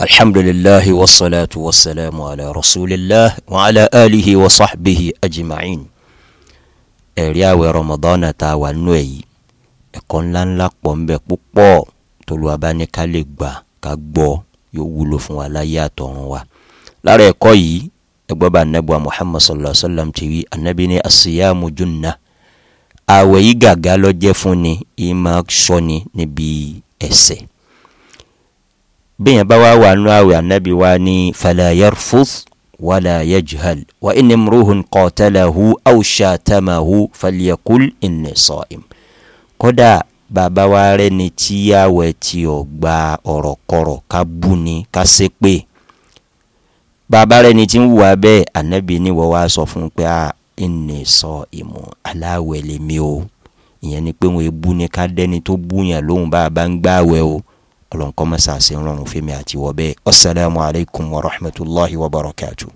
الحمد لله والصلاة والسلام على رسول الله وعلى آله وصحبه أجمعين ẹ̀rí àwẹ̀ rọmọdọ́nà tá a wà nù ẹ̀ yìí ẹ̀kọ́ ńláńlá pọ̀ ń bẹ púpọ̀ tolúwabáníká lè gbà ká gbọ́ yóò wúlò fún wa láyé àtọ̀run wa lára ẹ̀kọ́ yìí ẹgbọ́n bá anabu muhammad sallallahu alayhi wa sallam ti wí anabi ní asiyamu junna àwẹ̀ yìí gàgà lọ́jẹ́ fún ni ìmọ̀ sọ ni níbi ẹ̀sẹ̀ bẹ́ẹ̀ bá wá wà nú àwẹ̀ ànábì wa ní falayarfus wàlà yajhal wa inni mruhun qatalahu aw shatamahu falyakul inni sa'im kódà bàbá wa rẹ̀ ni tíyàwó tí ó gba ọ̀rọ̀ kọ̀rọ̀ ká bú ni ká ṣépè bàbá rẹ̀ ni tí ń wùwà bẹ́ẹ̀ ànábì ni wọ́n wá sọ fún pé inni sa'im aláwẹ̀ lèmi o ìyẹn ni pé wọ́n ebú ni ká dẹ́ni tó bú yàn lóhùn bá a bá ń gbààwẹ̀ o ọlọ́nkọ́ mọ́sàásì ń rọrùn fún mi àti wọ́ bẹ́ẹ̀ assalamu alaikum wa rahmatulahi wa barakatuh.